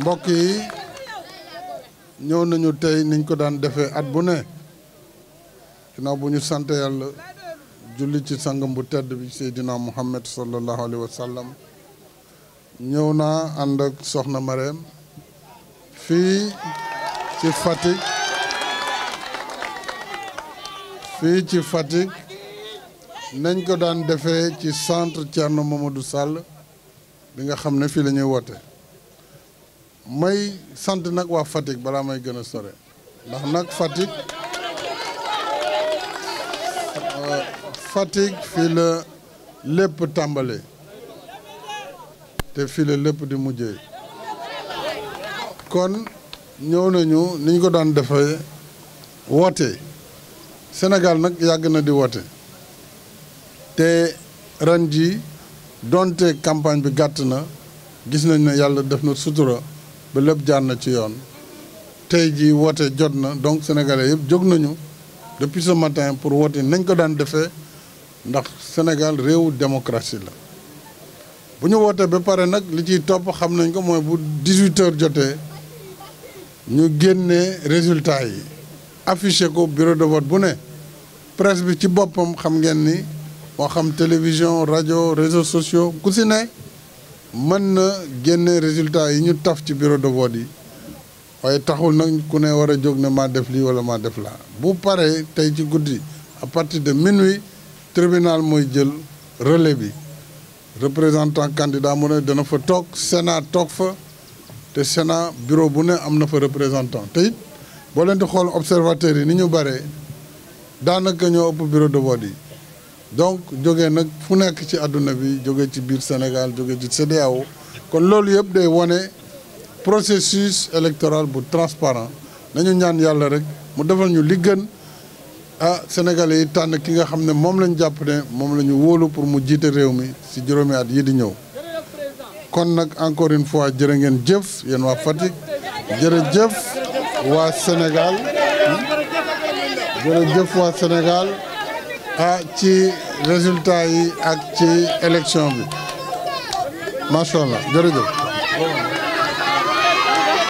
mbokk yi ñëw nañu tey niñ ko daan defee at bu ne ginnaaw bu ñu sant yàlla julli ci sangam bu tedd bi Seydina Muhammad sallallahu alayhi wa sallam ñëw naa ànd ak soxna Mareem fii ci Fatick fii ci Fatick nañ ko daan defee ci centre Thierno Mamadou Sall bi nga xam ne fii lañuy ñuy woote may sant nag waa Fatick balaa may gën a sore ndax nag Fatick euh, Fatick fii la lépp tàmbale te fii la lépp di mujjee kon ñëw nañu ni ñu ko daan defee woote senegal nag yàgg na di woote te ren ji donte campagne bi gàtt na gis nañ ne yàlla def na sutura ba lépp na ci yoon tey jii woote jot na donc sénégalais yëpp jóg nañu depuis ce matin pour woote nañ ko daan defee ndax Sénégal réewu démocratie la. bu ñu wootee ba pare nag li ciy topp xam nañ ko mooy bu 18 heures jotee ñu génnee résultat yi affiché ko bureau de vote bu ne presse bi ci boppam xam ngeen ni moo xam télévision rajo réseaux sociaux ku si ne. mën na génne résultat yi ñu taf ci bureau de vote yi waaye taxul nag ku ne war a jóg na maa def lii wala maa def laa bu paree tey ci guddi à parti de minuit tribunal mooy jël relais bi représentant candidat mu ne dana fa toog Sénat toog fa te Sénat bureau bu ne am na fa représentant te it boo leen di xool observateurs yi ni ñu bare daanaka ñoo ëpp bureau de vote yi. donc jóge nag fu nekk ci àdduna bi jóge ci biir Sénégal jóge ci CEDEAO kon loolu yëpp day wane processus électoral bu transparent nañu ñaan yàlla rek mu defal ñu li gën ah sénégalais yi tànn ki nga xam ne moom lañ jàpp ne moom la ñu wóolu pour mu jiite réew mi ci juróomi at yi di ñëw kon nag encore une fois jërë ngeen jëf yéen waa Fatick jëf waa Sénégal jërëjëf waa Sénégal hmm? ah ci résultat yi ak ci élection bi macha allah jërëjëf.